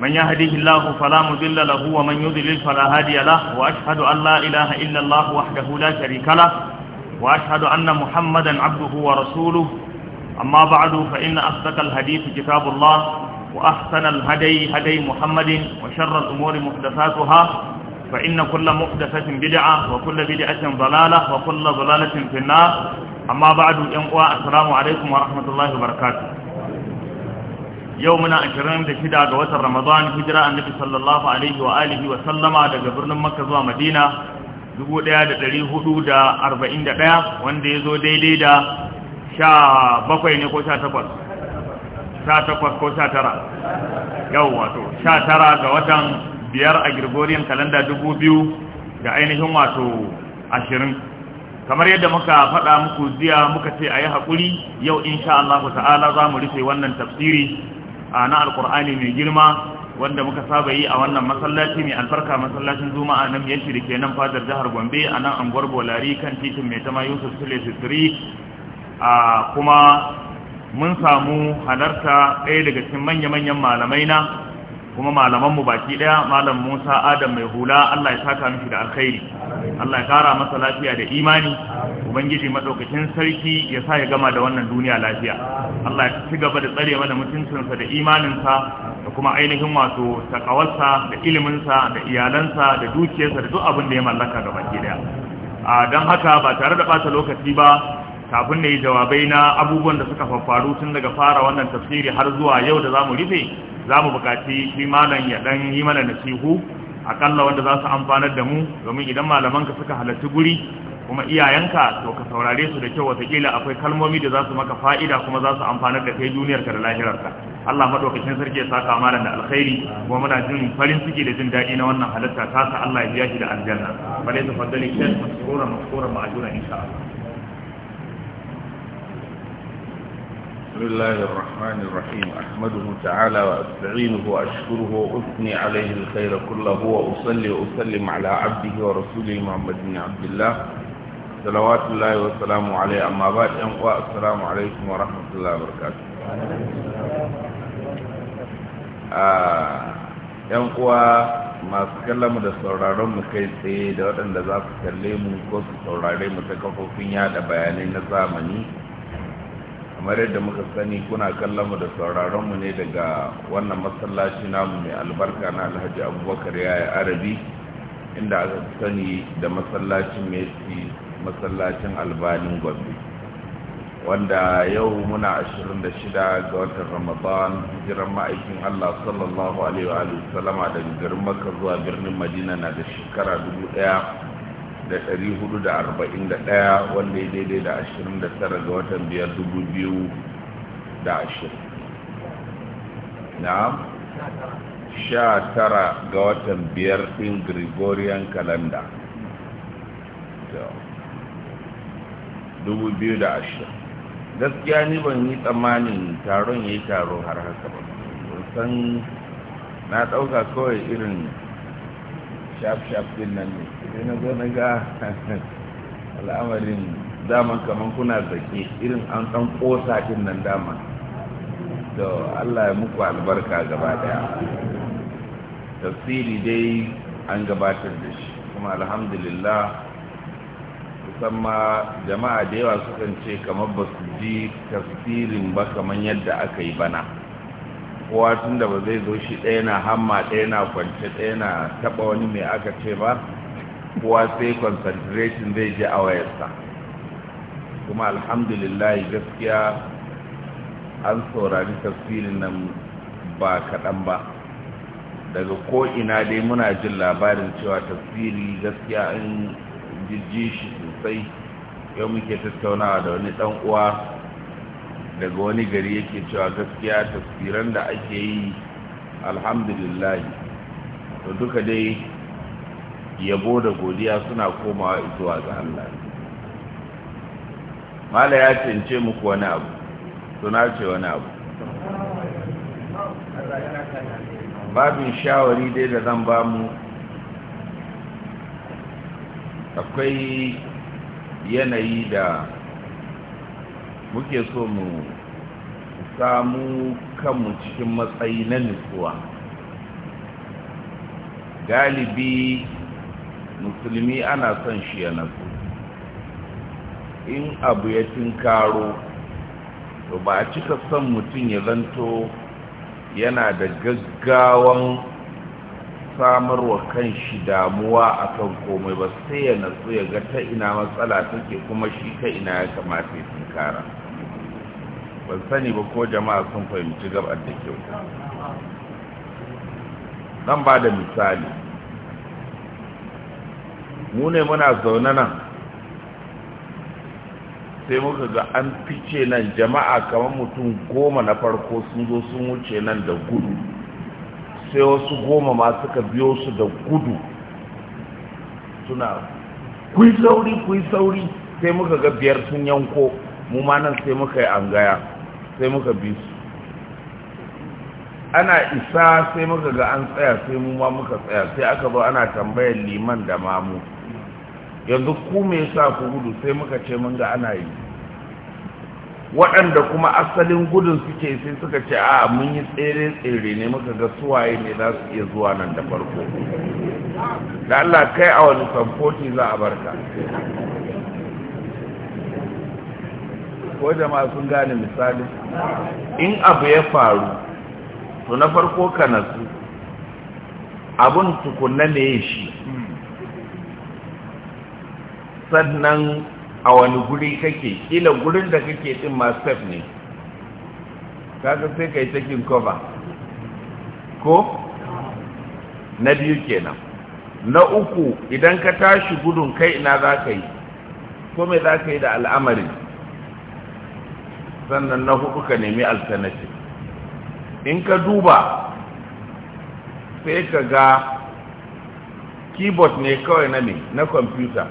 من يهده الله فلا مضل له ومن يضلل فلا هادي له وأشهد أن لا إله إلا الله وحده لا شريك له وأشهد أن محمدا عبده ورسوله أما بعد فإن أصدق الحديث كتاب الله وأحسن الهدي هدي محمد وشر الأمور محدثاتها فإن كل محدثة بدعة وكل بدعة ضلالة وكل ضلالة في النار أما بعد ينقوى السلام عليكم ورحمة الله وبركاته yau muna da shida ga watan Ramadan hijira annabi sallallahu alaihi wa alihi wa sallama daga birnin Makka zuwa Madina 1441 wanda ya zo daidai da 17 ne ko 18 takwas ko 19 yau wato 19 ga watan biyar a Gregorian kalanda 2000 da ainihin wato ashirin kamar yadda muka faɗa muku ziya muka ce a yi haƙuri yau insha Allah ta'ala za mu rufe wannan tafsiri a na alkur'ani mai girma wanda muka saba yi a wannan masallaci mai albarka masallacin juma'a nan ya da ke nan fadar jihar gombe a nan anguwar bolari kan titin mai tama yusuf sule a kuma mun samu halarta ɗaya daga cikin manya-manyan malamai na kuma malaman mu baki daya malam Musa Adam mai hula Allah ya saka mishi da alkhairi Allah ya kara masa lafiya da imani ubangiji madaukakin sarki ya sa ya gama da wannan duniya lafiya Allah ya ci gaba da tsare mana mutuncinsa da imaninsa da kuma ainihin wato takawarsa da iliminsa da iyalansa da dukiyarsa da duk abin da ya mallaka ga baki daya a dan haka ba tare da bata lokaci ba kafin ne jawabai na abubuwan da suka faffaru tun daga fara wannan tafsiri har zuwa yau da za mu rufe za mu bukaci shi malam ya dan yi mana nasihu akalla wanda za su amfanar da mu domin idan malamanka suka halarci guri kuma iyayenka to ka saurare su da kyau kila akwai kalmomi da za su maka fa'ida kuma za su amfanar da kai duniyarka da lahirarka Allah madaukakin sarki ya saka malam da alkhairi kuma muna jin farin ciki da jin daɗi na wannan halitta. ta sa Allah ya biya shi da aljanna bale ta fadali kai mashkura a ma'ajuna insha Allah بسم الله الرحمن الرحيم أحمده تعالى وأستعينه وأشكره وأثني عليه الخير كله وأصلي وأسلم على عبده ورسوله محمد بن عبد الله صلوات الله وسلامه عليه أما بعد أنقوى السلام عليكم ورحمة الله وبركاته أنقوى ما سكلم da sauraron mu kai tsaye da waɗanda za su kalle mu ko su saurare mu ta kafofin yada bayanai na zamani kamar yadda muka sani kuna kallon mu da sauraron mu ne daga wannan masallaci namu mai albarka na alhaji abubakar yaya arabi inda aka sani da masallacin messi masallacin albanin gombe wanda yau muna 26 ga watan ramadan jiran ma'aikin allah sallallahu alaihi wa sallama daga garin makka zuwa birnin madina na da shekara 1000 da ɗari hudu da arba'in da ɗaya wanda ya daidai da ashirin da tara ga watan biyar dubu biyu da ashirin na sha tara ga watan biyar ɗin gregorian calendar dubu biyu da ashirin gaskiya ni ban yi tsammanin taron ya yi taro har haka ba san na ɗauka kawai irin shaf-shaf din nan ne sai na zo na ga al'amarin daman kamar kuna zake irin an ɗan ƙosa din nan daman to allah ya muku albarka gaba daya tafsiri dai an gabatar da shi kuma alhamdulillah kusan ma jama'a da yawa sukan ce kamar ba su ji tafsirin ba kamar yadda aka yi bana kowa tun da ba zai zo shi ɗaya na hamma ɗaya na kwance ɗaya na taɓa wani mai aka ce ba kowa sai concentration zai je a wayarsa kuma alhamdulillah gaskiya an saurari tafsirin nan ba kaɗan ba daga ko'ina dai muna jin labarin cewa tafsiri gaskiya an jijji shi sosai yau muke tattaunawa da wani ɗan uwa daga wani gari yake cewa gaskiya tafsiran da ake yi alhamdulillah to duka dai yabo da godiya suna komawa zuwa ga Allah mala ya cince muku wani abu suna ce wani abu babin shawari dai da zan ba mu akwai yanayi da muke so mu samu kanmu cikin matsayi na nutsuwa galibi musulmi ana son shi ya nasu in abu ya tinkaro to ba a cika son mutum ya zanto yana da gaggawan samar wa kan shi damuwa a kan komai ba sai ya natsu ya ga ta ina matsala take kuma shi ta ina ya kamata ya tunkara ban sani ba ko jama'a sun fahimci gabar da kyau zan ba da misali mu ne muna zaune nan sai muka ga an fice nan jama'a kamar mutum goma na farko sun zo sun wuce nan da gudu sai wasu goma ma suka biyo su da gudu suna kuyi sauri kuyi sauri sai muka ga biyar sun yanko mu ma nan sai muka yi an gaya sai muka bi su ana isa sai muka ga an tsaya sai mu ma muka tsaya sai aka zo ana tambayar liman da mamu yanzu ku me yasa ku gudu sai muka ce mun ga ana yi waɗanda kuma asalin gudun suke sai suka ce a mun yi tsere-tsere ne muka ga suwaye ne za su iya zuwa nan da farko da Allah kai a wani samfoti za a barka ko jama'a sun gane misali in abu ya faru to na farko ka nasu abun tukunna ne shi sannan a wani guri kake kila gurin da kake din ma step ne kaga sai kai taking cover ko na biyu kenan na uku idan ka tashi gudun kai ina za ka yi ko me za ka yi da al'amarin sannan na hudu ka nemi alternative in ka duba sai ka ga keyboard ne kawai na ne na computer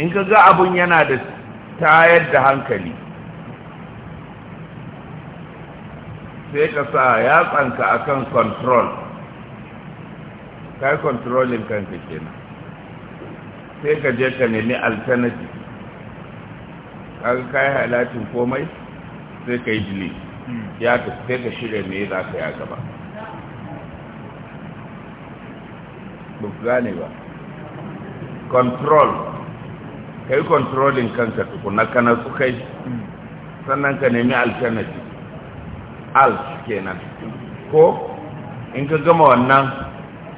in ka ga abun yana da tayar da hankali sai ka sa ya a akan control kai controlling controlin kanka kenan sai ka je ka nemi alternative kaga kai halatin komai sai ka yi dili hmm. ya ka sai ka shirya yi za ka ya gaba ba ku gane ba control kai controlling kanka tukuna kana su kai hmm. sannan ka nemi alternative alt kenan ko in ka gama wannan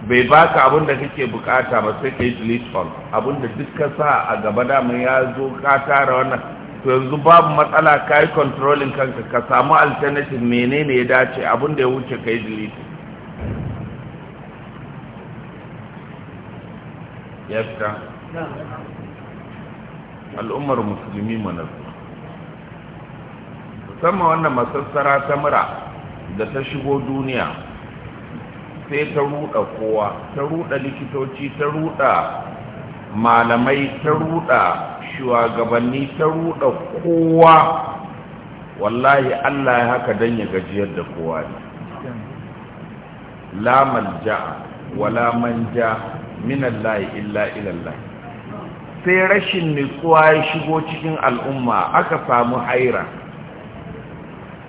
bai baka abin da kake bukata ba sai ka yi delete all abin da duk ka sa a gaba damar ya zo ka tara wannan to yanzu babu matsala ka yi controlling kanka ka samu alternative menene ya dace abinda ya wuce ka yi delete ya fita al'ummar musulmi manazu musamman wannan masassara ta mura da ta shigo duniya sai ta ruɗa kowa ta ruɗa likitoci ta ruɗa malamai ta ruɗa. shugabanni ta ruɗa kowa wallahi Allah ya haka don ya gajiyar da kowa ne la malja wala manja minallahi illa ilallah sai rashin nutsuwa ya shigo cikin al'umma aka samu haira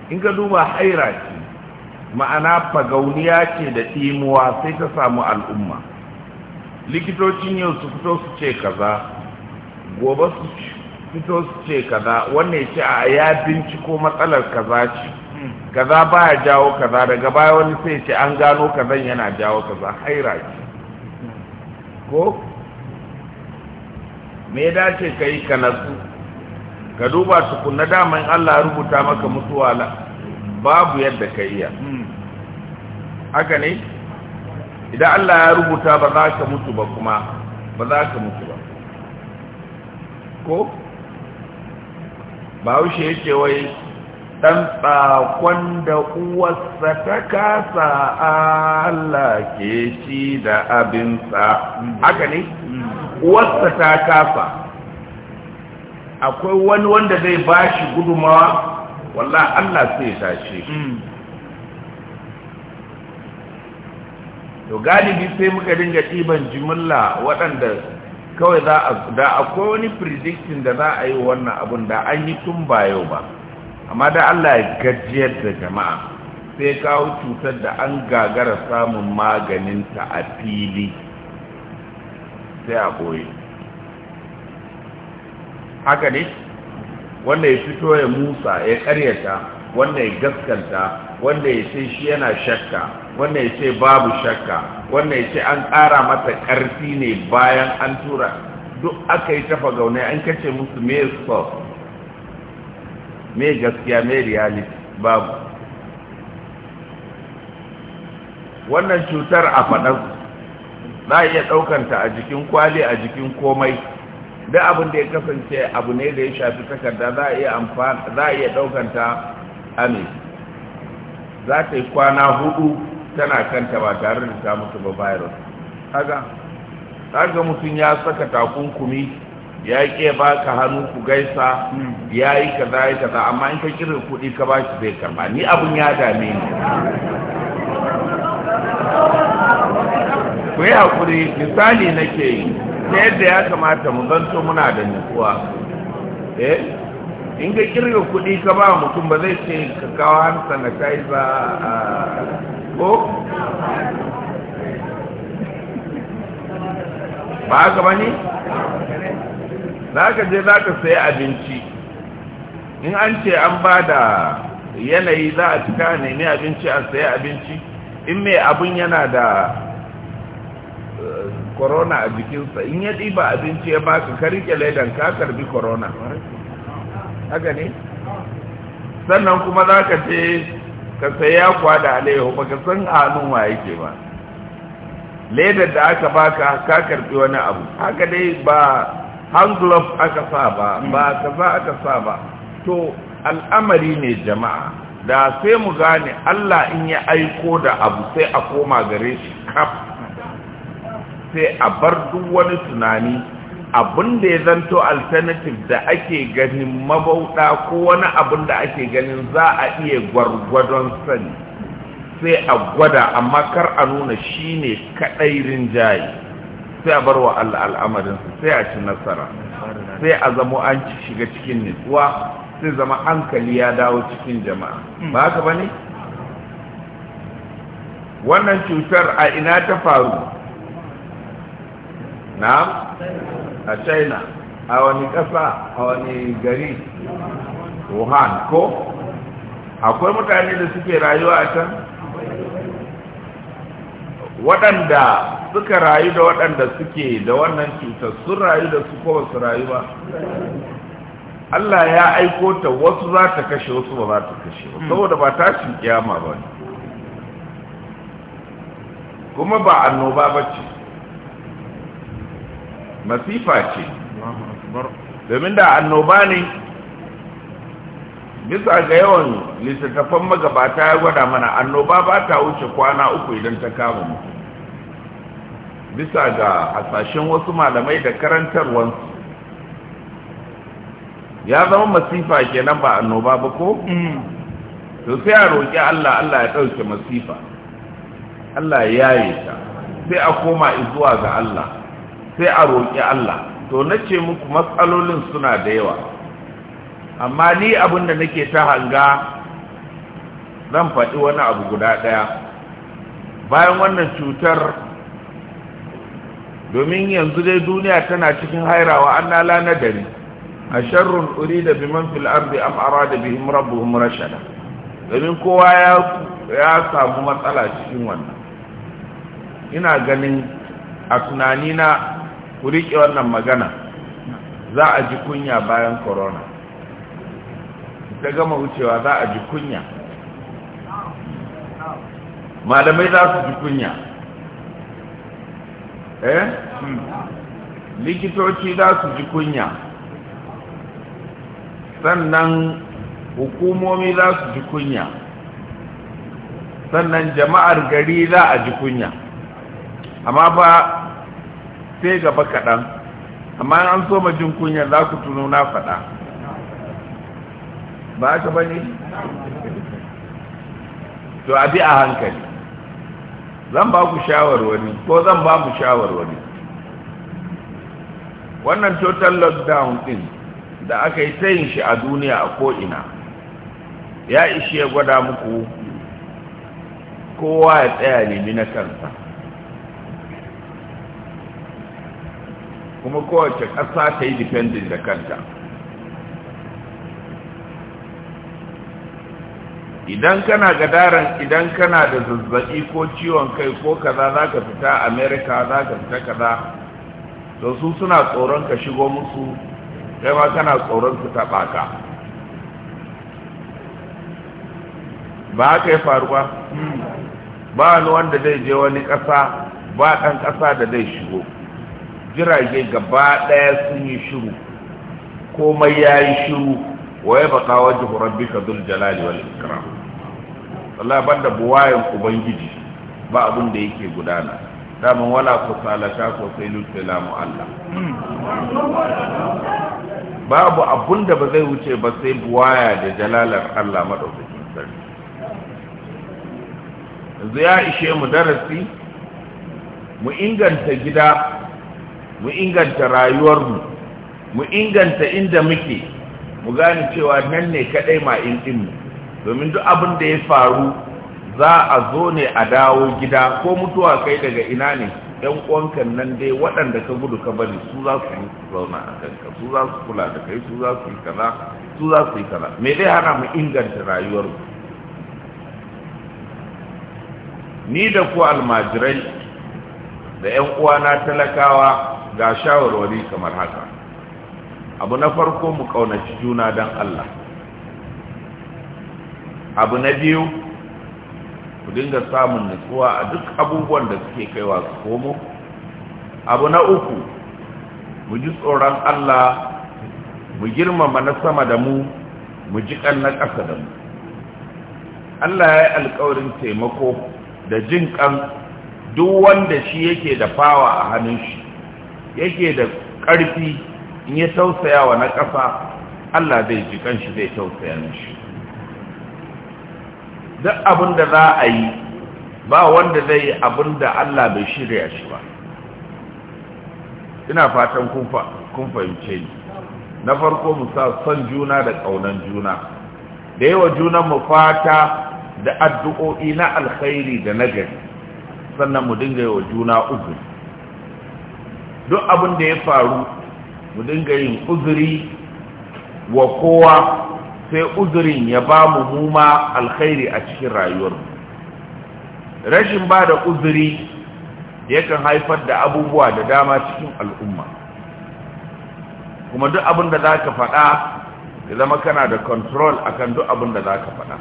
in ka duba haira ce ma'ana fagauniya ce da timuwa sai ta samu al'umma likitocin yau su fito su ce kaza gobe su fito su ce kaza wannan ce a ya binciko matsalar kaza ce kaza baya jawo kaza daga baya wani sai ce an gano kazan yana jawo kaza haira ce ko me ya dace ka yi ka nasu ka duba tukunna daman Allah rubuta maka mutuwa babu yadda ka iya haka ne idan Allah ya rubuta ba za ka mutu ba kuma ba za ka mutu ba ko bahaushe yake wai ɗan tsakon da uwarsa ta kasa Allah ke ci da abinsa haka ne uwarsa ta kasa akwai wani wanda zai ba shi gudumawa wallah Allah sai ta ce. Mm. to galibi sai muka dinga ɗiban jimilla waɗanda kawai za a da akwai wani predicting da za a yi wannan abun da an yi tun ba yau ba amma da Allah ya gajiyar da jama'a sai kawo cutar da an gagara samun maganinta a fili sai a boye haka ne wanda ya fito ya musa ya karyata wanda ya gaskanta wanda ya ce shi yana shakka wanda ya ce babu shakka wanda ya ce an ƙara masa ƙarfi ne bayan an tura duk aka yi tafa gaunai an kace musu me so me gaskiya me reality babu wannan cutar a faɗansu za a iya ɗaukanta a jikin kwali a jikin komai da abin da ya kasance abu ne da ya shafi takarda za a iya ɗaukanta a mai za ta yi kwana hudu tana kanta ba tare da ta mutu ba virus kaga kaga mutum ya saka takunkumi ya ke baka hannu ku gaisa ya yi kaza ka za amma in ka kira kuɗi ka ba shi zai karba ni abin ya dame ni ku yi hakuri misali nake yi ta yadda ya kamata mu zanto muna da nutsuwa eh in ga kirga kuɗi ka ba mutum ba zai ce ka kawo hansa na kai ba ko ba haka ba ne za ka je za ka sayi abinci in an ce an ba da yanayi za a cika nemi abinci a sayi abinci in mai abin yana da korona eh, a jikinsa in ya ɗiba abinci ya ba baka karike laidan ka karbi korona haka ne sannan kuma za ka ce ka saya kwa da alaihu ba ka san hannun wa yake ba ledar da aka ba ka karfi wani abu haka dai ba hand glove aka sa ba ba kaza aka sa ba to al'amari ne jama'a da sai mu gane Allah in ya aiko da abu sai a koma gare shi kaf sai a bar duk wani tunani abin da ya zanto alternative da ake ganin mabauɗa ko wani abin da ake ganin za a iya gwargwadon sani sai a gwada amma kar a nuna shi ne kaɗai rinjaye sai a bar wa Allah su, sai a ci nasara sai a zama an shiga cikin nutsuwa sai zama hankali ya dawo cikin jama'a ba haka ba ne wannan cutar a ina ta faru na a china a wani ƙasa a wani gari wuhan ko akwai mutane da suke rayuwa a can waɗanda suka rayu da waɗanda suke da wannan cutar sun rayu da su ko su rayu ba Allah ya aiko ta wasu za ta kashe wasu ba za ta kashe ba hmm. saboda ba tashin kyama ba ne kuma ba annoba ba ce masifa ce domin da annoba ne bisa ga yawan littattafan magabata ya gwada mana annoba ba ta wuce kwana uku idan ta kama mu bisa ga hasashen wasu malamai da karantarwansu ya zama masifa kenan ba annoba ba ko? Mm. to sai a roƙi Allah Allah ya ɗauke masifa Allah ya yi ta sai a koma zuwa ga Allah sai a roƙi Allah to na ce muku matsalolin suna da yawa amma ni abinda da nake ta hanga zan faɗi wani abu guda ɗaya bayan wannan cutar domin yanzu dai duniya tana cikin hairawa an lala na ni. a sharrun uri da biman fil ardi am arada bihim rabbuhum rashada domin kowa ya ya samu matsala cikin wannan ina ganin a tunanina ku riƙe wannan magana za a ji kunya bayan corona ta gama wucewa za a ji kunya malamai za su ji kunya eh likitoci za su ji kunya sannan hukumomi za su ji kunya sannan jama'ar gari za a ji kunya amma ba sai gaba kaɗan amma an so ma jin kunya za ku tuno na faɗa ba ka ba ne? to a a hankali zan ba ku shawarwari ko zan ba mu shawarwari wannan total lockdown ɗin da aka yi ta yin shi a duniya a ko'ina ya ishe gwada muku kowa ya tsaya nemi na kansa kuma kowace ƙasa ta yi dependent da kanta idan kana gadaran idan kana da zazzaɓi ko ciwon kai ko kaza za ka fita america za ka fita kaza to su suna tsoron ka shigo musu kai ma kana tsoron su taɓa ka ba haka ya faru ba hmm. ba wani wanda zai je wani ƙasa ba ɗan ƙasa da zai shigo jirage gaba ɗaya sun yi shiru komai ya yi shiru wa ya baka wajen bika zul jalali wal ikram ban da buwayen ubangiji ba abin da yake gudana daman wala ku salata ko sai lamu Allah babu abun da ba zai wuce ba sai buwaya da jalalar Allah madaukakin sarki yanzu ya ishe mu darasi mu inganta gida mu inganta rayuwarmu mu inganta inda muke mu gane cewa nan ne kadai ma in mu domin duk abin da ya faru za a zo ne a dawo gida ko mutuwa kai daga ina ne yan uwankan nan dai waɗanda ka gudu ka bari su za su zauna a kanka su za su kula da kai su za su yi kaza su za su yi kaza me dai hana mu inganta rayuwarmu ni da ku almajirai da 'yan uwana talakawa ga shawarwari kamar haka abu na farko mu kaunaci juna don Allah abu na biyu ku dinga samun nutsuwa a duk abubuwan da suke kaiwa su komo abu na uku mu ji tsoron Allah mu girmama na sama da mu mu ji na ƙasa da mu Allah ya yi alkawarin taimako da jin kan duk wanda shi yake da fawa a hannun shi yake da ƙarfi in ya tausaya wa na ƙasa Allah zai ji kanshi zai tausaya shi. duk abin da za a yi ba wanda zai yi abin da Allah bai shirya shi ba ina fatan kun fahimce ni na farko mu sa son juna da ƙaunan juna da yawa junan mu fata da addu'o'i na alkhairi da nagari sannan mu dinga yi wa juna uzuri duk abin da ya faru mu dinga yin uzuri wa kowa sai uzurin ya ba mu muma alkhairi a cikin rayuwar rashin ba da uzuri yakan haifar da abubuwa da dama cikin al'umma kuma duk abin da za ka faɗa ya zama kana da control akan duk abin da za ka faɗa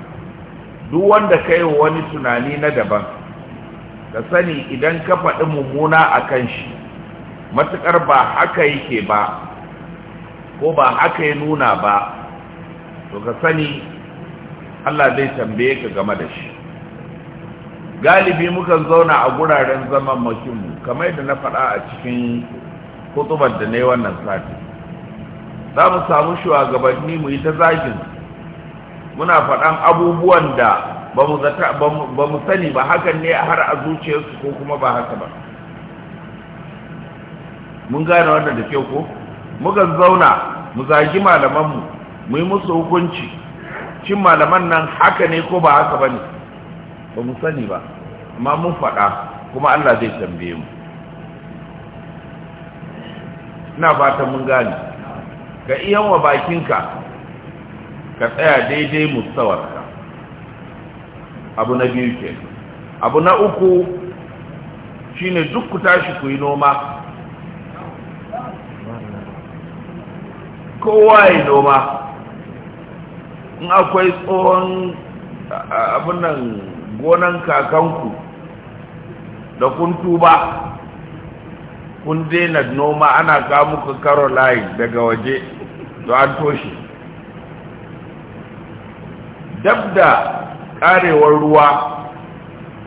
duk wanda ka wani tunani na daban ka sani idan ka faɗi mummuna a kan shi matukar ba haka yake ba ko ba haka ya nuna ba to ka sani Allah zai tambaye ka game da shi galibi mukan zauna a guraren zaman makinmu kamar da na faɗa a cikin kutubar da na yi wannan sati za mu samu shugabanni mu yi ta zagin muna faɗan abubuwan da ba mu sani ba hakan ne har a zuciyarsu ko kuma ba haka ba mun gane wannan da kyau ko muka zauna mu zagi malamanmu mu yi musu hukunci cin malaman nan haka ne ko ba haka ba ne ba mu sani ba amma mun faɗa kuma Allah zai tambaye mu ina fatan mun gane ga iyan wa bakinka ka tsaya daidai mustawarka abu na biyu ke abu na uku shine duk ku tashi ku yi noma kowa ya noma in akwai tsohon abin gonan kakanku da kun tuba kun daina noma ana kawo muku layi daga waje to an toshe dab da karewar ruwa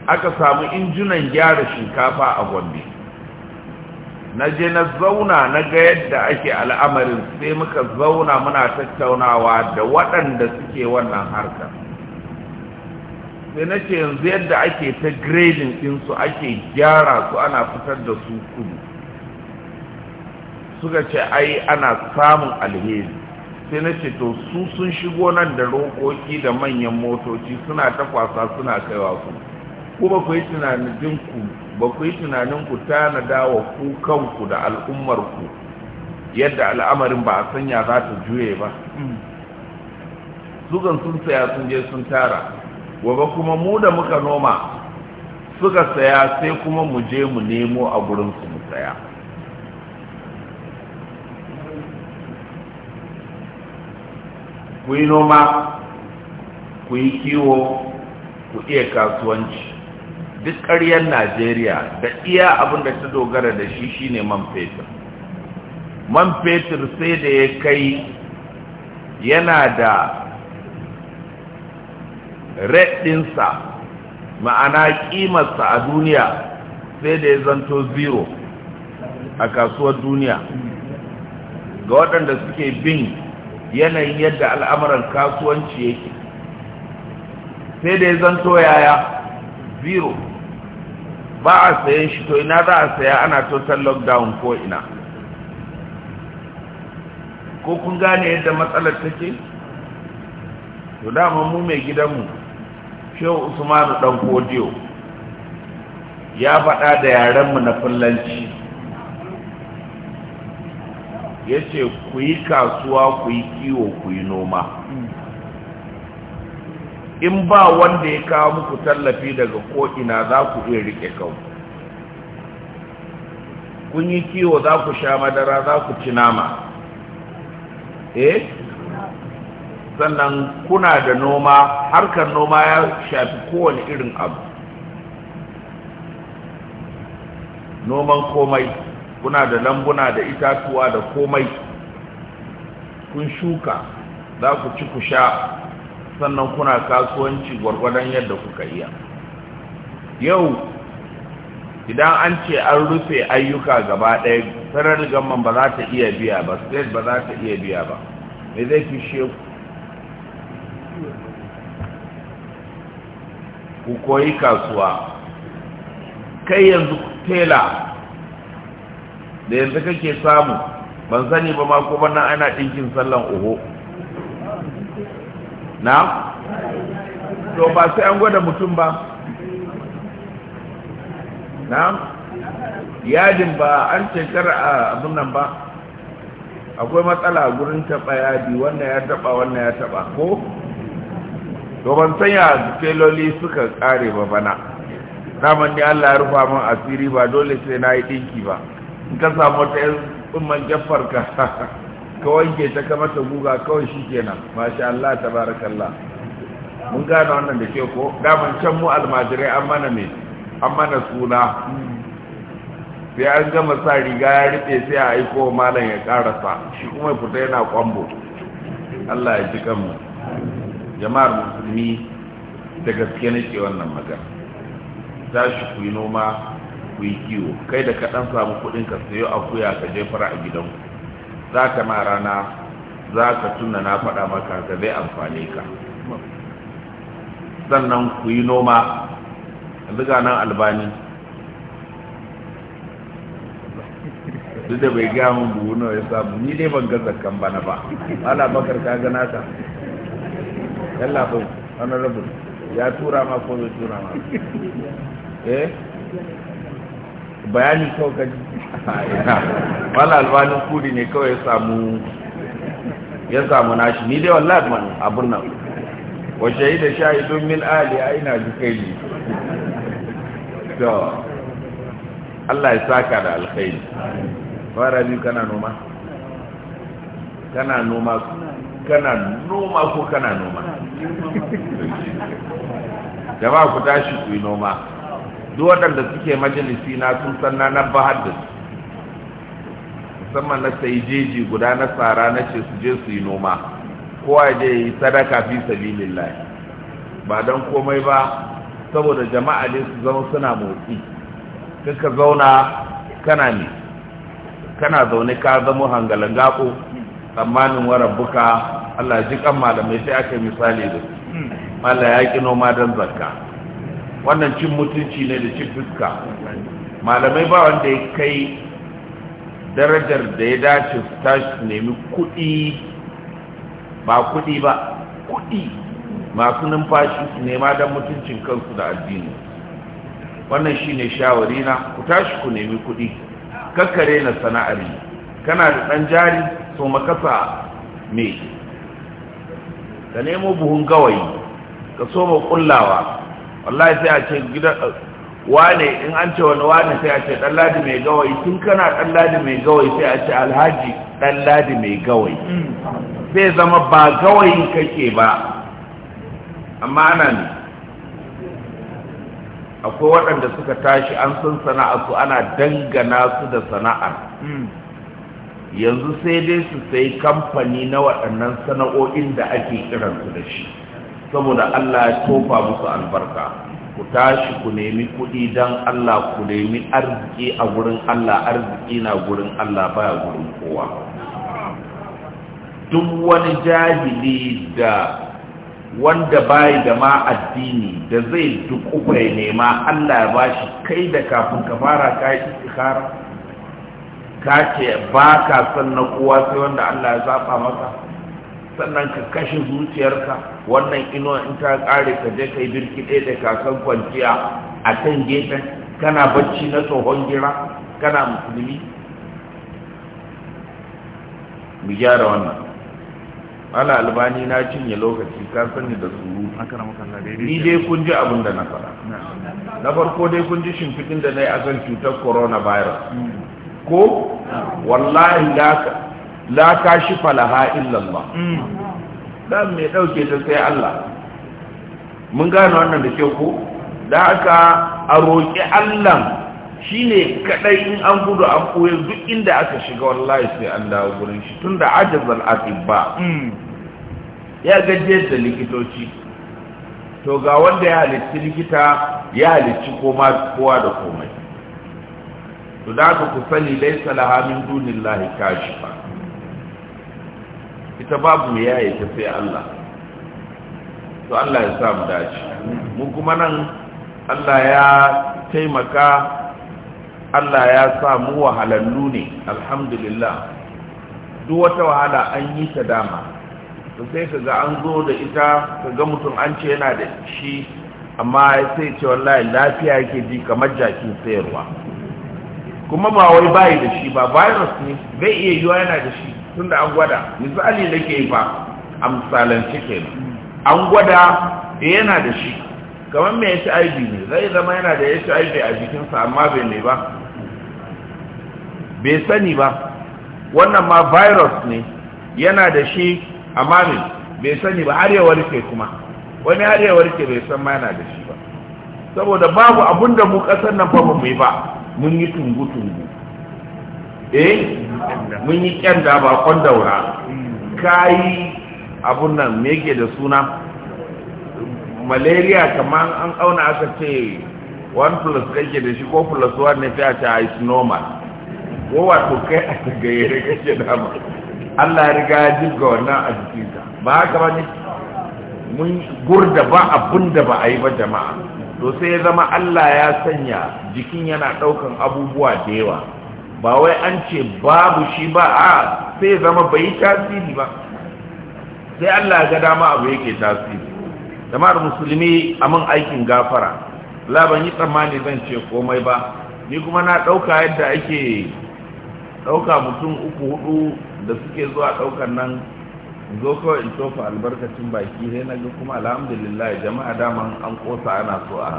aka samu injunan gyara shinkafa a gombe na je na zauna na ga yadda ake al'amarin sai muka zauna muna tattaunawa da waɗanda suke wannan harkar sai na ce yanzu yadda ake ta grading ɗinsu ake gyara su ana fitar da su kudu suka ce ai ana samun alheri sai na ce to su sun shigo nan da roƙoƙi da manyan motoci suna ta kwasa suna kaiwa su kuma ku yi tunanin ku ba ku yi tunanin ku tanada wa ku kanku da ku yadda al'amarin ba a sanya za ta juye ba mm. sukan sun saya sun je sun tara gobe kuma mu da muka noma suka saya sai kuma mu je mu nemo a gurinsu mu saya ku yi noma ku yi kiwo ku iya kasuwanci duk ƙaryar najeriya da iya abin da ta dogara da shi shi ne man fetur man fetur sai da ya kai yana da ɗinsa ma'ana ƙimarsa a duniya sai da ya zanto zero a kasuwar duniya ga waɗanda suke bin yanayin yadda al'amuran kasuwanci yake sai da ya zanto yaya zero ba a sayan shi to ina za a saya ana total lockdown ko ina ko kun gane yadda matsalar take to dama mu mai gidanmu shehu usmanu dan kodiyo ya faɗa da yarenmu na fullanci ya ce ku yi kasuwa ku yi kiwo ku yi noma hmm. in ba wanda ya kawo muku tallafi daga ko'ina za ku iya rike kau kun yi kiwo za ku sha madara za ku ci nama eh sannan kuna da noma harkar noma ya shafi kowane irin abu noman komai kuna da lambuna da itatuwa da komai kun shuka za ku ci ku sha sannan kuna kasuwanci gwargwadon yadda kuka iya yau idan an ce an rufe ayyuka gaba ɗaya sarar gamman ba za ta iya biya ba state ba za ta iya biya ba me zai fi ku koyi kasuwa kai yanzu tela da yanzu kake samu ban sani ba ma ko ba na ana ɗinkin sallan oho na to ba sai an gwada mutum ba na yadin ba an cekar a abin nan ba akwai matsala gurin taɓa yadi wannan ya taɓa wannan ya taɓa ko to ban sanya feloli suka kare ba bana daman ni Allah ya rufa min asiri ba dole sai na yi ɗinki ba in ka samu ta yin tsumman jaffar ka ka wanke ta ka mata guga kawai shi kenan masha Allah tabarakallah mun gane wannan da ke ko daman can mu almajirai an mana ne an mana suna sai an gama sa riga ya rike sai a aiko malam ya karasa shi kuma fita yana kwambo Allah ya ji kanmu jama'ar musulmi da gaske nake wannan magana shi ku yi noma ku yi kiwo kai da kaɗan dan samu kuɗin ka sayo akuya ka jefara a gidanku za ta ma rana za ka tuna na faɗa maka ka zai amfane ka sannan ku yi noma zuga nan albani duk da bai gaya mun buhu nawa ya samu ni dai ban gaza kan bana ba ala bakar ka gana ta yalla ba honorable ya tura ma ko bai tura ma eh bayani kawai kaji wala alwalin kudi ne kawai ya samu nashi ni dai wallahi man abun nan wa shahida shahidun min ali aina ne. to Allah ya saka da alkhairi fara biyu kana noma kana noma kana noma ko kana noma jama'a ku tashi ku yi noma duk waɗanda suke majalisi na sun san na bahadur da su musamman na sayi jeji guda na tsara na ce su je su yi noma kowa je yi sadaka fi lai ba don komai ba saboda jama'a ne su zama suna motsi ka zauna kana ne kana zaune ka zama hangalan gaɓo tsammanin waran buka Allah ji kan malamai sai aka misali da su mala ya ki noma don zakka wannan cin mutunci ne da cin fuska malamai ba wanda ya kai darajar da ya dace su tashi su nemi kuɗi ba kuɗi ba kuɗi masu numfashi su nema don mutuncin kansu da addini wannan shi shawari na ku tashi ku nemi kuɗi kakare na sana'ari kana da ɗan jari so makasa me ka nemo buhun gawayi ka soma kullawa wallahi sai a ce wane in an ce wani wane sai a ce ɗanladi mai gawayi tun kana ɗanladi mai gawayi sai a ce alhaji ɗanladi mai gawayi sai zama ba gawayin kake ba amma ana ne akwai waɗanda suka tashi an sun sana'a su ana dangana su da sana'ar yanzu sai dai su sai kamfani na waɗannan sana'o'in da ake kiransu da shi saboda Allah ya tofa musu albarka ku tashi ku nemi kuɗi don Allah ku nemi arziki a gurin Allah arziki na gurin Allah baya gurin kowa duk wani jahili da wanda bai da ma addini da zai duk ya nema Allah ya bashi kai da kafin ka fara ka yi istikhara ka ce ba ka san na kowa sai wanda Allah ya zaɓa maka sannan ka kashe zuciyarka wannan ino in ta kare ka je kai birki ɗaya da kasan kwanciya a kan gefen kana bacci na tsohon gira kana musulmi mu gyara wannan ala albani na cinye lokaci ka sani da su ni dai kun ji abin da na fara na farko dai kun ji shimfiɗin da na yi a kan cutar coronavirus hmm. ko wallahi da la shi falaha illallah mm. dan mai dauke ta sai Allah mun gane wannan da kyau ko da aka a roƙi Allah shine kaɗai in an gudu an koyo duk inda aka shiga wallahi sai an dawo gurin shi tunda ajazal atibba mm. ya gaje da likitoci to ga wanda ya halitti likita ya halitti koma kowa da komai to da aka ku sani laisa laha min dunillahi kashifa ita babu mai yaye ta sai Allah to Allah ya sa mu dace mu kuma nan Allah ya taimaka Allah ya sa mu wahalallu ne alhamdulillah duk wata wahala an yi ta dama to sai ka ga an zo da ita ka ga mutum an ce yana da shi amma sai ce wallahi lafiya yake ji kamar jakin sayarwa kuma ba wai bayi da shi ba virus ne zai iya yiwa yana da shi tunda an gwada misali nake fa amsalance kenan an gwada eh, yana da shi kamar mai HIV ne zai zama yana da HIV a jikinsa amma bai ne ba bai sani ba wannan ma virus ne yana da shi amma bai sani ba har yawar ke kuma wani har yawar ke bai san ma yana da shi ba saboda babu abinda mu kasar nan fa mu yi ba mun yi tungu-tungu eh mun yi kyanda bakon daura kayi abun nan me da suna malaria kamar an auna aka ce 1 plus kake da shi ko plus 1 ne ta ce ah, is normal ko wato kai a da kake dama Allah ya riga jirga wannan a jikinka ba haka ba ne mun gurda ba abun da ba a yi ba jama'a to sai ya zama Allah ya sanya jikin yana ɗaukan abubuwa da yawa ba wai an ce babu shi ba a sai zama bai yi tasiri ba sai Allah ga dama abu yake tasiri jama'ar musulmi a man aikin gafara la ban yi tsammani zan ce komai ba ni kuma na dauka yadda ake dauka mutum uku hudu da suke zuwa daukan nan zo kawai in tofa albarkacin baki sai na ga kuma alhamdulillah jama'a daman an kosa ana so a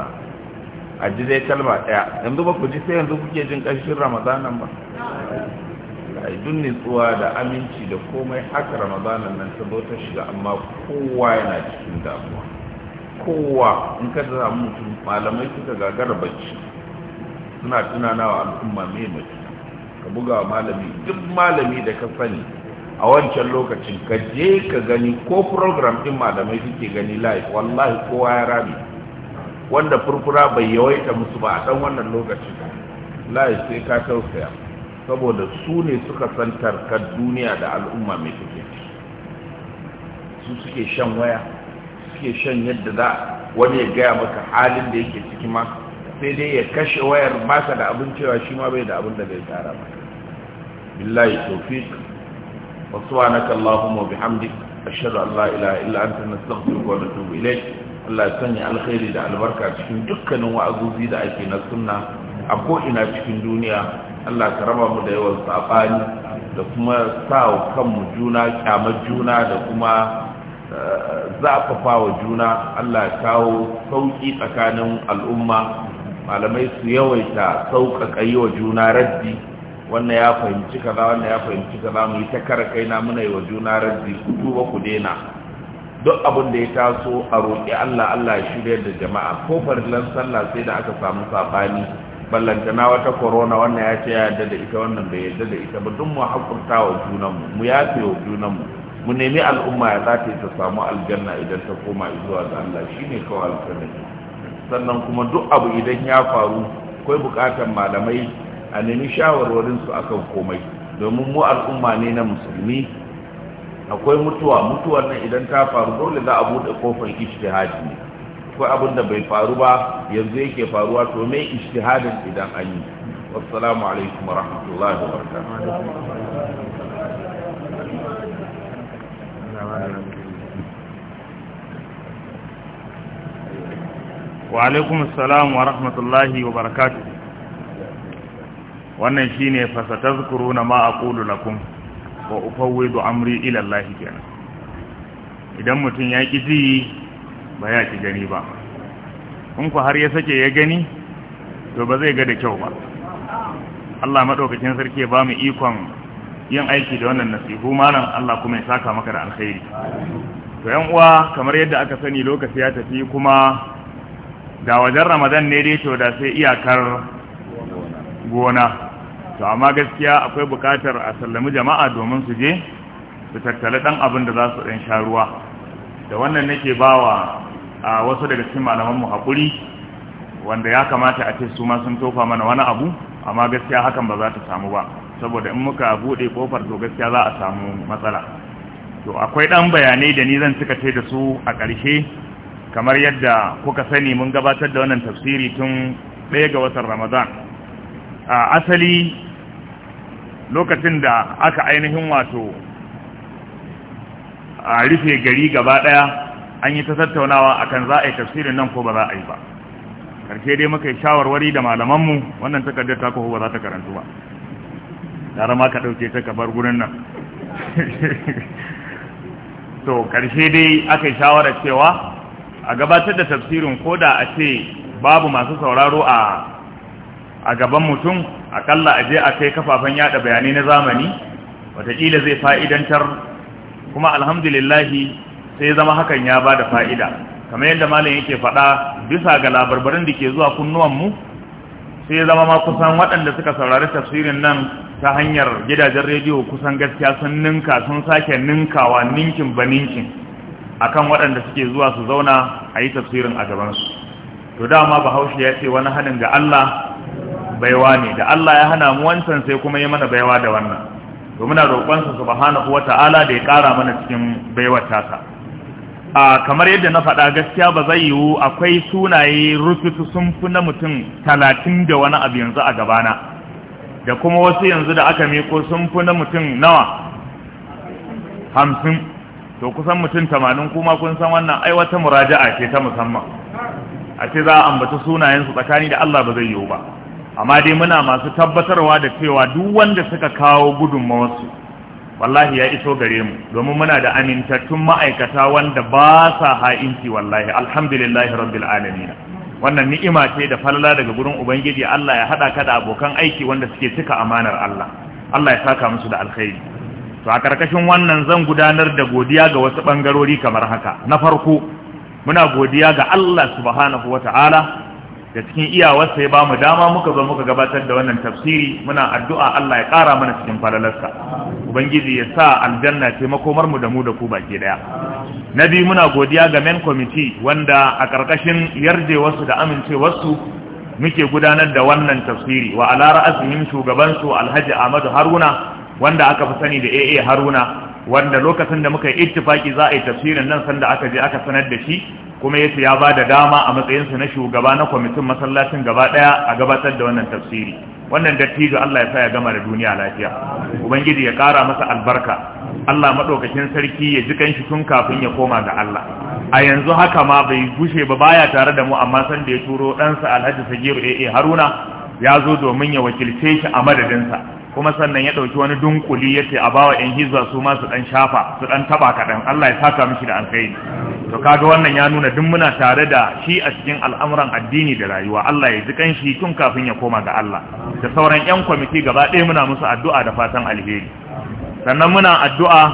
a ji dai kalma ɗaya yanzu ba ku ji sai yanzu kuke jin ƙarshen ramadanan ba a dun tsuwa da aminci da komai haka ramadanan nan ta zo ta shiga amma kowa yana cikin damuwa kowa in ka da mutum malamai suka gagara bacci suna tunanawa al'umma mai mutum ka buga wa malami duk malami da ka sani a wancan lokacin ka je ka gani ko program ɗin malamai suke gani live wallahi kowa ya rami wanda furfura bai yawaita musu ba a ɗan wannan lokaci layi sai ka tausaya saboda su ne suka san tarkar duniya da al'umma mai take su suke shan waya suke shan yadda za wani ya gaya maka halin da yake ciki ma sai dai ya kashe wayar baka da abin cewa shi ma bai da abin da bai tsara ba billahi tawfiq wa subhanaka allahumma wa bihamdika ashhadu an la ilaha illa anta nastaghfiruka wa natubu ilayk Allah ya sanya alkhairi da albarka cikin dukkanin wa'azuzi da ake na sunna a ko'ina cikin duniya Allah ka raba mu da yawan saɓani da kuma sa kanmu juna kyamar juna da kuma eh, zafafa wa juna Allah ya kawo sauƙi tsakanin al'umma malamai su yawaita sauƙaƙa yi wa juna raddi wannan ya fahimci kaza wannan ya fahimci kaza mu yi ta kara kaina muna yi wa juna raddi ku duba ku dena duk abin da ya taso a roƙi Allah Allah ya shirya da jama'a ko farilan sallah sai da aka samu sabani ballantana wata corona wannan ya ce ya yarda da ita wannan bai yarda da ita ba duk mu hakurta wa junan mu yafe wa junanmu mu nemi al'umma ya za ta samu aljanna idan ta koma zuwa ga Allah shine kawai alƙalami sannan kuma duk abu idan ya faru akwai buƙatar malamai a nemi su akan komai domin mu al'umma ne na musulmi akwai mutuwa mutuwar nan idan ta faru dole za a buɗe kofar ijtihadi ne akwai abin da bai faru ba yanzu yake faruwa to me ijtihadin idan an yi wassalamu alaikum wa rahmatullahi wa barakatuh wa alaikum salam wa rahmatullahi wa barakatuh wannan shine fasatazkuruna ma aqulu lakum wa ufawwidu amri ila Allah kenan idan mutum ya ƙi ji ba ya ƙi gani ba in ku har ya sake ya gani to ba zai ga da kyau ba Allah madaukakin sarki ba mu ikon yin aiki da wannan nasihu malam Allah kuma ya saka maka da alkhairi to yan uwa kamar yadda aka sani lokaci ya tafi kuma da wajen Ramadan ne dai to da sai iyakar gona to amma gaskiya akwai bukatar a sallami jama'a domin su je su tattali dan abin da za su ɗan sha ruwa da wannan nake ba wa wasu daga cikin malaman mu haƙuri wanda ya kamata a ce su ma sun tofa mana wani abu amma gaskiya hakan ba za ta samu ba saboda in muka buɗe kofar to gaskiya za a samu matsala to akwai ɗan bayanai da ni zan cika ce da su a ƙarshe kamar yadda kuka sani mun gabatar da wannan tafsiri tun ɗaya ga watan ramadan a asali lokacin da aka ainihin wato a rufe gari gaba daya an yi ta tattaunawa akan za a yi tafsirin nan ko ba za a yi ba karshe dai muka yi shawarwari da malamanmu wannan takardar ta kowa za ta karantu ba tare ma ka ɗauke ta ka bar gurin nan to karshe dai aka yi shawarar cewa a gabatar da tafsirin ko da a ce babu masu sauraro a gaban mutum akalla a je a kai kafafen yaɗa bayanai na zamani watakila zai fa'idantar kuma alhamdulillahi sai zama hakan ya ba da fa'ida kamar yadda malam yake faɗa bisa ga labarbarin da ke zuwa kunnuwanmu sai zama ma kusan waɗanda suka saurari tafsirin nan ta hanyar gidajen rediyo kusan gaskiya sun ninka sun sake ninkawa ninkin ba ninkin akan waɗanda suke zuwa su zauna a yi tafsirin a gabansu to dama bahaushe ya ce wani hanin ga Allah baiwa ne da Allah ya hana mu wancan sai kuma yi mana baiwa da wannan to muna roƙonsa subhanahu wata'ala da ya ƙara mana cikin baiwar tasa a kamar yadda na faɗa gaskiya ba zai yiwu akwai sunaye rufutu sun fi na mutum talatin da wani abu yanzu a gabana da kuma wasu yanzu da aka miko sun fi na mutum nawa hamsin to kusan mutum tamanin kuma kun san wannan ai wata muraja'a ce ta musamman a ce za a ambaci sunayensu tsakani da Allah ba zai yiwu ba amma dai muna masu tabbatarwa da cewa duk wanda suka kawo gudunmawarsu wallahi ya iso gare mu domin muna da amintattun ma'aikata wanda ba sa ha'inci wallahi alhamdulillahi rabbil alamin wannan ni'ima ce da falala daga gurin ubangiji Allah ya hada ka da abokan aiki wanda suke cika amanar Allah Allah ya saka musu da alkhairi to a karkashin wannan zan gudanar da godiya ga wasu bangarori kamar haka na farko muna godiya ga Allah subhanahu wataala da cikin iyawarsa ya bamu dama muka zo muka gabatar da wannan tafsiri muna addu'a Allah ya ƙara mana cikin falalarsa ubangiji ya sa aljanna taimakomar mu da mu da ku baki daya na biyu muna godiya ga men committee wanda a ƙarƙashin wasu da amincewarsu muke gudanar da wannan tafsiri wa ala ra'asihim shugabansu Alhaji Ahmadu Haruna wanda aka fi sani da AA Haruna wanda lokacin da muka yi ittifaki za a yi tafsirin nan sanda aka je aka sanar da shi kuma yace ya ba da dama a matsayinsa na shugaba na kwamitin masallacin gaba daya a gabatar da wannan tafsiri wannan dattijo Allah ya sa ya gama da duniya lafiya ubangiji ya kara masa albarka Allah madaukakin sarki ya ji kanshi tun kafin ya koma ga Allah a yanzu haka ma bai gushe ba baya tare da mu amma san da ya turo ɗansa Alhaji Sagiru AA Haruna ya zo domin ya wakilce shi a madadinsa kuma sannan ya ɗauki wani dunkuli ya ce a bawa 'yan hizwa su ma su ɗan shafa su ɗan taɓa kaɗan Allah ya saka mishi da alkhairi to kaga wannan ya nuna duk muna tare da shi a cikin al'amuran addini da rayuwa Allah ya ji kanshi tun kafin ya koma ga Allah da sauran yan kwamiti gaba ɗaya muna musu addu'a da fatan alheri sannan muna addu'a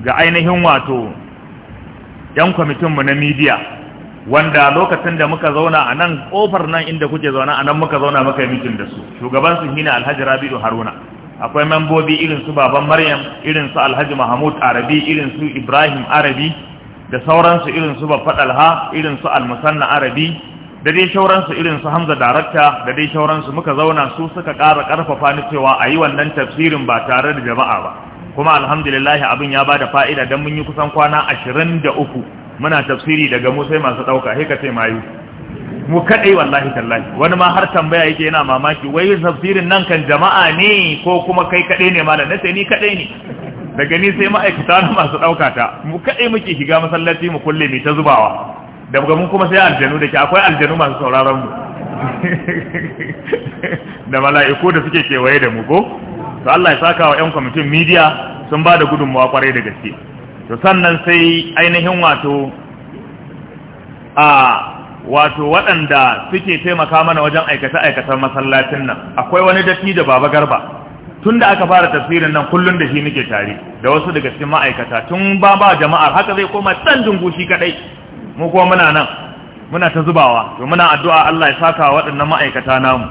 ga ainihin wato yan kwamitin mu na media wanda lokacin da muka zauna a nan kofar nan inda kuke zauna a nan muka zauna muka yi mitin da su shugaban su shine Alhaji Rabi'u Haruna akwai membobi irin su baban Maryam irin su Alhaji Mahmud Arabi irin su Ibrahim Arabi da sauransu irin su bafaɗalha irin su almusanna arabi da dai sauransu irin su hamza darakta da dai sauransu muka zauna su suka ƙara ƙarfafa ni cewa a yi wannan tafsirin ba tare da jama'a ba kuma alhamdulillah abin ya ba da fa'ida don mun yi kusan kwana ashirin da uku muna tafsiri daga mu sai masu ɗauka sai ka ce mayu mu kaɗai wallahi tallahi wani ma har tambaya yake yana mamaki wai tafsirin nan kan jama'a ne ko kuma kai kaɗai ne malam na ni kaɗai ne daga ni sai ma'aikata na masu ɗauka ta mu kaɗai muke shiga masallaci mu kulle mai ta zubawa daga mun kuma sai aljanu da ke akwai aljanu masu sauraron mu da mala'iku da suke kewaye da mu ko to Allah ya saka wa 'yan kwamitin midiya sun ba da gudunmawa kwarai da gaske to sannan sai ainihin wato a wato waɗanda suke taimaka mana wajen aikace aikacen masallacin nan akwai wani datti da baba garba tun da aka fara tafsirin nan kullun da shi muke tare da wasu daga cikin ma'aikata tun ba ba jama'ar haka zai koma san dungu shi kadai mu kuma muna nan muna ta zubawa to muna addu'a Allah ya saka waɗannan ma'aikata namu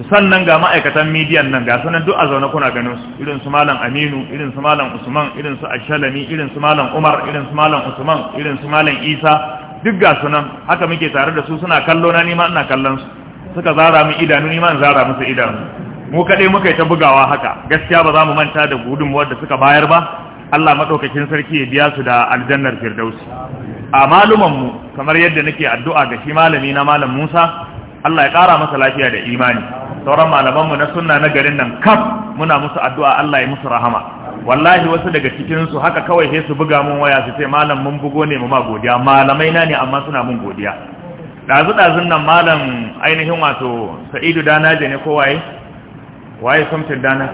to sannan ga ma'aikatan media nan ga sanan duk a zaune kuna ganin su irin su malam Aminu irin su malam Usman irin su Ashalami irin su malam Umar irin su malam Usman irin su malam Isa duk ga sunan haka muke tare da su suna kallo na ni ma ina kallon su suka zara mu idanu ni in zara musu idanu mu kaɗai muka yi ta bugawa haka gaskiya ba za mu manta da gudunmuwar da suka bayar ba Allah maɗaukakin sarki ya biya su da aljannar firdausi a malumanmu kamar yadda nake addu'a ga shi malami na malam musa Allah ya ƙara masa lafiya da imani sauran malamanmu na sunna na garin nan kaf muna musu addu'a Allah ya musu rahama wallahi wasu daga cikinsu haka kawai sai su buga mun waya su ce malam mun bugo ne mu ma godiya malamai na ne amma suna mun godiya dazu dazun nan malam ainihin wato sa'idu je ne kowaye waye samtin dana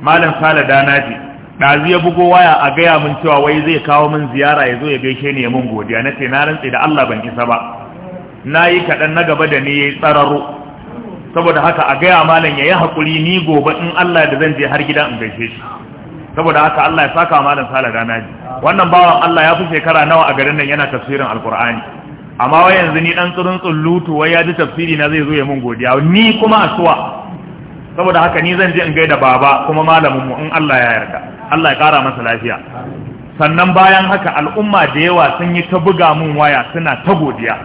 malam sala dana ji ɗazu ya bugo waya a gaya mun cewa wai zai kawo min ziyara ya zo ya gaishe ni ya mun godiya na ce na rantse da Allah ban isa ba na yi kaɗan na gaba da ni ya yi tsararo saboda haka a gaya malam ya yi haƙuri ni gobe in Allah da zan je har gida in gaishe shi saboda haka Allah ya saka malam sala dana ji wannan bawan Allah ya fi shekara nawa a garin nan yana tafsirin alkur'ani amma wai yanzu ni dan tsirin tsullutu wai ya ji tafsiri na zai zo ya mun godiya ni kuma a saboda haka ni zan je in gaida baba kuma malamin mu in Allah ya yarda Allah ya kara masa lafiya sannan bayan haka al'umma da yawa sun yi ta buga mun waya suna ta godiya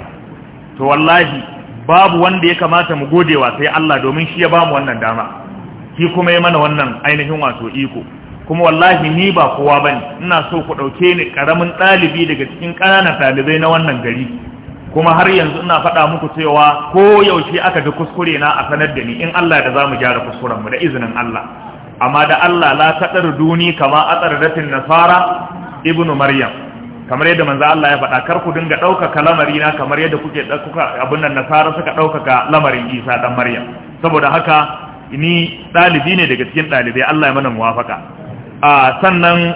to wallahi babu wanda ya kamata mu godewa sai Allah domin shi ya bamu wannan dama shi kuma yi mana wannan ainihin wato iko kuma wallahi ni ba kowa bane ina so ku dauke ni karamin dalibi daga cikin ƙananan ɗalibai na wannan gari kuma har yanzu ina faɗa muku cewa ko yaushe aka ji kuskure na a sanar da ni in Allah da zamu gyara kuskuren mu da izinin Allah amma da Allah la tadar duni kama datin nasara ibnu maryam kamar yadda manzo Allah ya faɗa kar ku dinga ɗaukaka kalamari na kamar yadda kuke kuka abun nan nasara suka ɗaukaka lamarin Isa dan Maryam saboda haka ni dalibi ne daga cikin dalibai. Allah ya mana muwafaka a sannan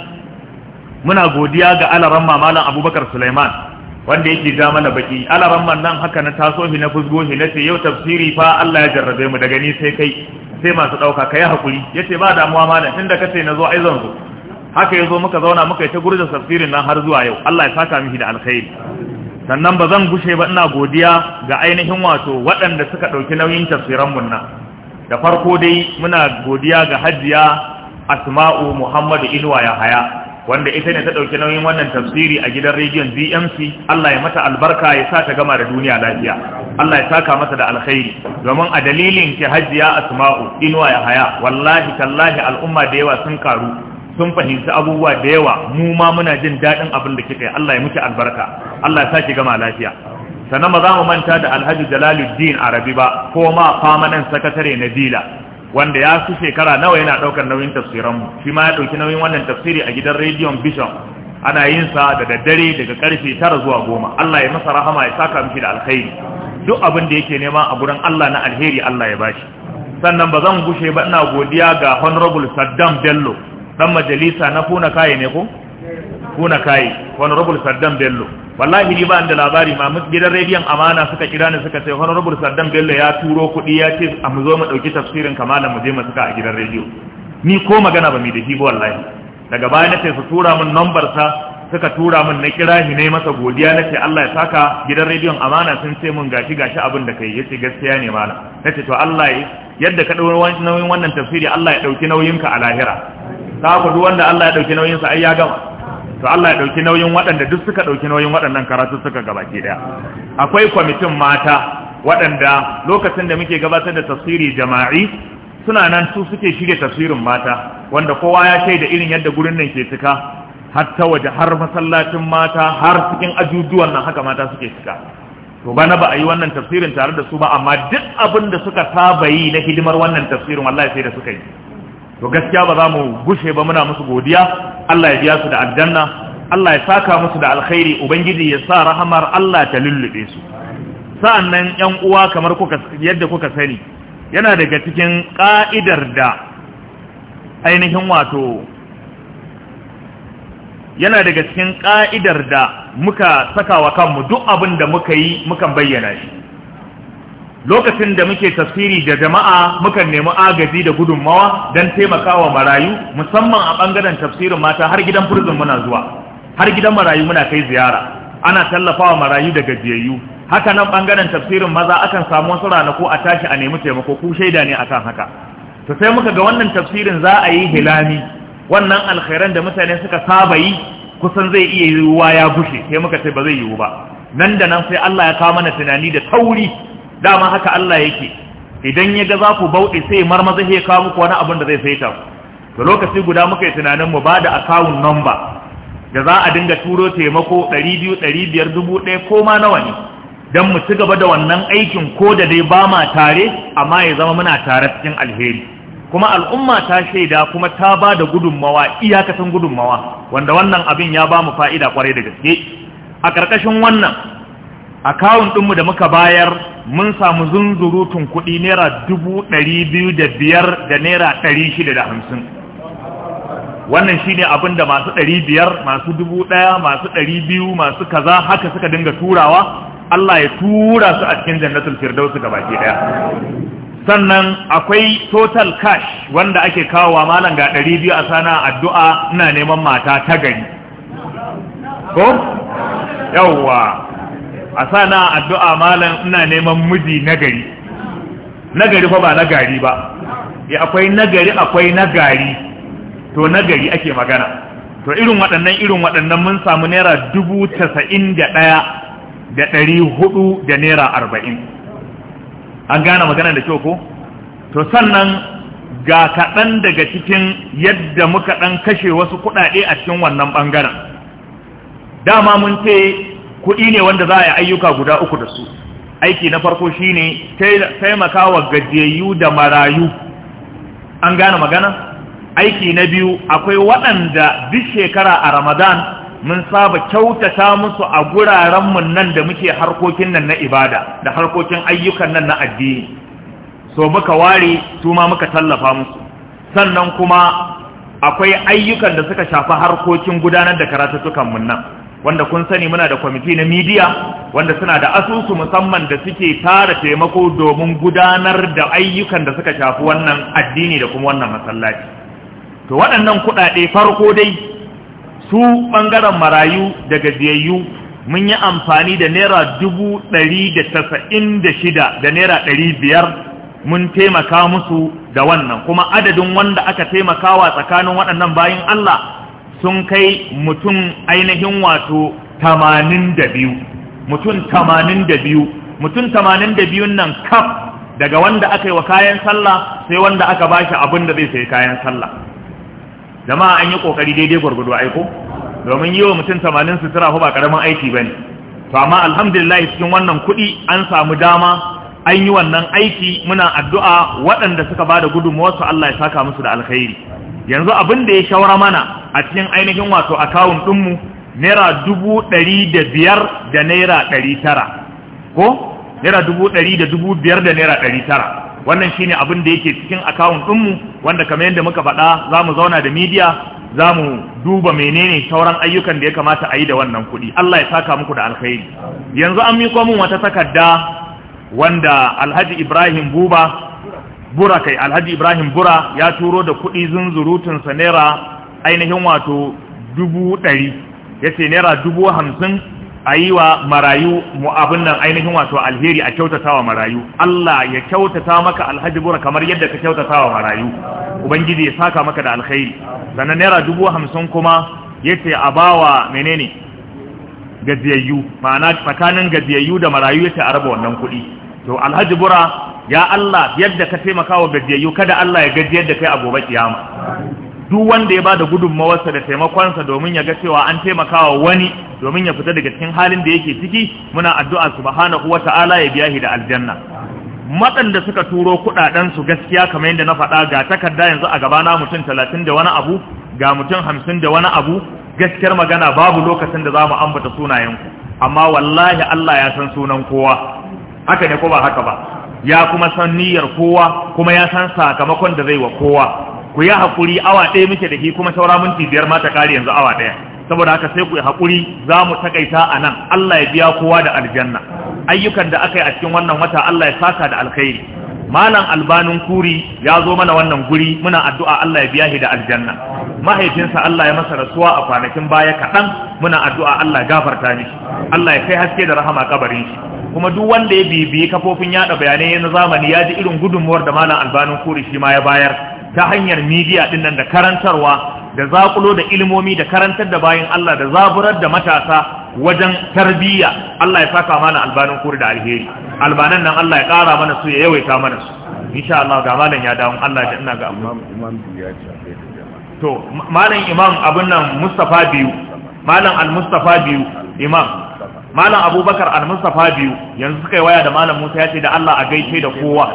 muna godiya ga alaran mamalan Abubakar Sulaiman wanda yake ja mana baki alaran nan haka na taso shi na fusgo shi na ce yau tafsiri fa Allah ya jarrabe mu daga ni sai kai sai masu dauka kai hakuri yace ba damuwa malam inda kace na zo aizan zo haka yazo muka zauna muka yi ta gurjin tafsirin nan har zuwa yau Allah ya saka miki da alkhairi sannan ba zan gushe ba ina godiya ga ainihin wato waɗanda suka ɗauki nauyin tafsiran mun nan da farko dai muna godiya ga hajiya asma'u muhammadu inuwa ya haya wanda ita ne ta ɗauki nauyin wannan tafsiri a gidan rediyon BMC? Allah ya mata albarka ya sa ta gama da duniya lafiya Allah ya saka masa da alkhairi domin a dalilin ki hajiya asma'u inuwa ya haya wallahi tallahi al'umma da yawa sun karu sun fahimci abubuwa da yawa mu ma muna jin daɗin abin da kika yi Allah ya miki albarka Allah ya sa ki gama lafiya sannan ba za mu manta da Alhaji Jalaluddin Arabi ba ko ma famanan sakatare na Bila wanda ya su shekara nawa yana daukar nauyin tafsiran mu shi ma ya dauki nauyin wannan tafsiri a gidan Radio Vision ana yin sa da daddare daga karfe 9 zuwa goma Allah ya masa rahama ya saka miki da alkhairi duk abin da yake nema a gurin Allah na alheri Allah ya bashi sannan ba zan gushe ba ina godiya ga Honorable Saddam Bello dan majalisa na Funa Kai ne ko kuna kai honorable saddam bello wallahi ni ba da labari ma gidan rediyon amana suka kira ni suka ce honorable saddam bello ya turo kudi ya ce a mu zo mu ɗauki tafsirin kamala mu je mu saka a gidan rediyo ni ko magana ba mi da shi wallahi daga baya na ce su tura mun nambar sa suka tura mun na kira shi ne masa godiya na ce Allah ya saka gidan rediyon amana sun ce mun gashi gashi abin da kai yace gaskiya ne mala na ce to Allah ya yadda ka ɗaura nauyin wannan tafsiri Allah ya ɗauki nauyinka a lahira ta ku duk wanda Allah ya ɗauki nauyinsa ai ya gama to Allah ya dauki nauyin waɗanda duk suka dauki nauyin waɗannan karatu suka gabaki daya akwai kwamitin mata waɗanda lokacin da muke gabatar da tafsiri jama'i suna nan su suke shirya tafsirin mata wanda kowa ya da irin yadda gurin nan ke cika har ta waje har masallacin mata har cikin ajujuwan nan haka mata suke cika to bana ba a yi wannan tafsirin tare da su ba amma duk abin da suka saba yi na hidimar wannan tafsirin wallahi sai da suka yi to gaskiya ba za mu gushe ba muna musu godiya Allah ya biya su da aljanna Allah ya saka musu da alkhairi ubangiji ya sa rahamar Allah ta lullube su sa'annan yan uwa kamar kuka yadda kuka sani yana daga cikin ka'idar da ainihin wato yana daga cikin ka'idar da muka saka wa kanmu duk abin da muka yi mukan bayyana shi lokacin da muke tafsiri da jama'a mukan nemi agaji da gudunmawa don taimakawa marayu musamman a bangaren tafsirin mata har gidan furzin muna zuwa har gidan marayu muna kai ziyara ana tallafawa marayu da gajiyayyu haka nan bangaren tafsirin maza akan samu wasu ranaku a tashi a nemi taimako ku shaida ne akan haka to sai muka ga wannan tafsirin za a yi hilami wannan alkhairan da mutane suka saba yi kusan zai iya yiwuwa ya bushe sai muka ce ba zai yiwu ba nan da nan sai Allah ya kawo mana tunani da tauri dama haka Allah yake idan ya ga za ku bauɗe sai marmaza ya kawo muku wani abin da zai saita ku da lokaci guda muka yi tunanin mu ba da akawun namba da za a dinga turo taimako ɗari biyu ɗari biyar dubu ɗaya ko ma nawa ne don mu ci gaba da wannan aikin ko da dai ba ma tare amma ya zama muna tare cikin alheri kuma al'umma ta shaida kuma ta ba da gudunmawa iyakatan gudunmawa wanda wannan abin ya ba mu fa'ida kwarai da gaske a ƙarƙashin wannan akawun ɗinmu da muka bayar mun samu zunzurutun kuɗi naira dubu ɗari biyu da biyar da naira ɗari shida da hamsin wannan shi ne abin da masu ɗari biyar masu dubu ɗaya masu ɗari biyu masu kaza haka suka dinga turawa Allah ya tura su a cikin jannatul firdausu ga baki ɗaya sannan akwai total cash wanda ake kawowa malam ga ɗari biyu a sana addu'a ina neman mata ta gari ko yawwa a sa na addu'a malam ina neman miji nagari nagari fa ba nagari ba ya eh, akwai nagari akwai nagari to nagari ake magana to irin waɗannan irin waɗannan mun samu naira dubu tasa'in da ɗaya da ɗari hudu da naira arba'in an gane magana da kyau ko to sannan ga kaɗan daga cikin yadda muka ɗan kashe wasu kuɗaɗe a cikin wannan ɓangaren dama mun ce kuɗi ne wanda za a yi ayyuka guda uku da su aiki na farko shine taimaka wa gajiyayyu da marayu an gane magana aiki na biyu akwai waɗanda duk shekara a ramadan mun saba kyautata musu a guraren gurarenmu nan da muke harkokin nan na ibada da harkokin ayyukan nan na addini so muka ware su ma muka tallafa musu sannan kuma akwai ayyukan da suka shafi harkokin gudanar da karatuttukan mun nan wanda kun sani muna da kwamiti na midiya wanda suna da asusu musamman da suke tara taimako domin gudanar da ayyukan da suka shafi wannan addini da kuma wannan masallaci to waɗannan kuɗaɗe farko dai su ɓangaren marayu daga gajiyayyu mun yi amfani da naira dubu ɗari da tasa'in da shida da naira ɗari biyar mun taimaka musu da wannan kuma adadin wanda aka taimakawa tsakanin waɗannan bayan Allah sun kai mutum ainihin wato tamanin da biyu mutum tamanin da biyu mutum tamanin da biyun nan kaf daga wanda aka yi wa kayan sallah sai wanda aka ba shi abin da zai sai kayan sallah jama'a an yi kokari daidai gwargwado aiko domin yi wa mutum tamanin sutura ba karamin aiki ba ne to amma alhamdulillah cikin wannan kuɗi an samu dama an yi wannan aiki muna addu'a waɗanda suka ba da gudunmuwarsu Allah ya saka musu da alkhairi yanzu abin da ya shawara mana a cikin ainihin wato akawun ɗinmu naira dubu ɗari da biyar da naira ɗari tara ko naira dubu ɗari da dubu biyar da naira ɗari tara wannan shine abin da yake cikin akawun ɗinmu wanda kamar yadda muka faɗa za mu zauna da midiya za mu duba menene sauran ayyukan da ya kamata a yi da wannan kuɗi Allah ya saka muku da alkhairi yanzu an miko min wata takarda wanda Alhaji Ibrahim Buba bura kai alhaji ibrahim bura ya turo da kuɗi zunzurutunsa naira ainihin wato dubu ɗari ya ce naira dubu hamsin a yi wa marayu mu abin nan ainihin wato alheri a kyautata wa marayu Allah ya kyautata maka alhaji bura kamar yadda ka kyautata wa marayu ubangiji ya saka maka da alkhairi sannan naira dubu hamsin kuma ya ce a bawa menene gajiyayyu ma'ana tsakanin gajiyayyu da marayu ya ce a raba wannan kuɗi to alhaji bura ya Allah yadda ka taimaka wa gajiyayyu kada Allah ya gajiyar da kai a gobe kiyama duk wanda ya bada sa da taimakonsa domin ya ga cewa an taimakawa wani domin ya fita daga cikin halin da yake ciki muna addu'a subhanahu wata'ala ya biya shi da aljanna matsanda suka turo kudaden su gaskiya kamar yadda na faɗa ga takarda yanzu a gaba na mutum 30 da wani abu ga mutum 50 da wani abu gaskiyar magana babu lokacin da za mu ambata sunayen ku. amma wallahi Allah ya san sunan kowa haka ne ko ba haka ba ya kuma san niyyar kowa kuma ya san sakamakon da zai wa kowa ku yi hakuri awa ɗaya muke da shi kuma saura minti biyar ma ta kare yanzu awa ɗaya saboda haka sai ku yi hakuri za mu takaita a nan Allah ya biya kowa da aljanna ayyukan da aka yi a cikin wannan wata Allah ya saka da alkhairi malam albanun kuri ya zo mana wannan guri muna addu'a Allah ya biya shi da aljanna mahaifinsa Allah ya masa rasuwa a kwanakin baya kaɗan muna addu'a Allah ya gafarta mishi Allah ya kai haske da rahama kabarin shi kuma duk wanda ya bibiyi kafofin yada bayanai na zamani ya ji irin gudunmuwar da malam albanin kuri shi ma ya bayar ta hanyar midiya din nan da karantarwa da zakulo da ilmomi da karantar da bayan Allah da zaburar da matasa wajen tarbiyya Allah ya saka mana albanin kuri da alheri albanan nan Allah ya kara mana su ya yawaita mana su insha Allah ga malam ya dawo Allah ya ina ga amma to malam imam abun nan Mustafa biyu malam al-Mustafa biyu imam malam abubakar al-mustafa biyu yanzu suka yi waya da malam musa ya ce da allah a gaishe da kowa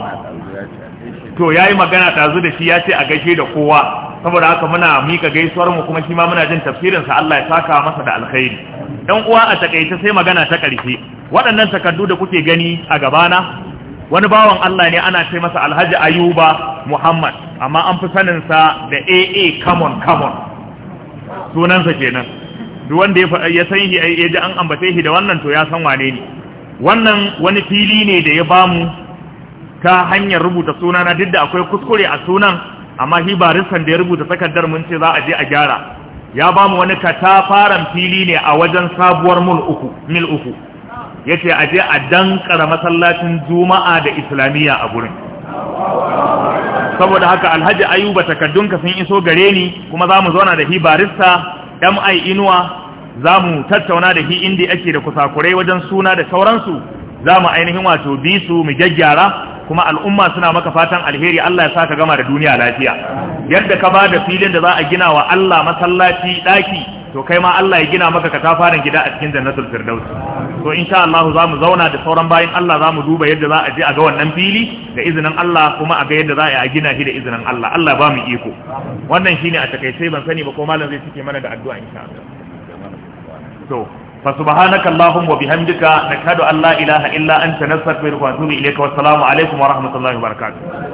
to ya yi magana tazu da shi ya ce a gaishe da kowa saboda haka muna mika gaisuwar mu kuma shi ma muna jin tafsirinsa allah ya saka masa da alkhairi dan uwa a takaice sai magana ta karshe waɗannan takardu da kuke gani a gabana wani bawan allah ne ana ce masa alhaji ayuba muhammad amma an fi saninsa da aa Common Common. sunansa kenan duk wanda ya san shi ya ji an ambace shi da wannan to ya san wane ne wannan wani fili ne da ya bamu ta hanyar rubuta suna na duk da akwai kuskure a sunan amma shi barisan da ya rubuta takardar mun ce za a je a gyara ya bamu wani katafaran fili ne a wajen sabuwar mil uku mil uku yace a je a dankara masallacin juma'a da islamiyya a gurin saboda haka alhaji ayuba takaddunka sun iso gare ni kuma za mu zauna da hibarista. mi inuwa za mu tattauna da shi inda ake da kusakurai wajen suna da sauransu za mu ainihin wato bi su mu gyaggyara kuma al'umma suna maka fatan alheri Allah ya sa ka gama da duniya lafiya yadda ka ba da filin da za a gina wa Allah masallaci ɗaki to kai ma Allah ya gina maka katafaren gida a cikin jannatul firdausi to insha Allah za mu zauna da sauran bayan Allah za mu duba yadda za a je a ga wannan fili da izinin Allah kuma a ga yadda za a gina shi da izinin Allah Allah ba mu iko wannan shine a takaice ban sani ba ko malam zai cike mana da addu'a insha Allah to fa subhanaka allahumma wa bihamdika nakadu an la ilaha illa anta nastaghfiruka wa natubu ilayka wa assalamu alaikum wa rahmatullahi wa barakatuh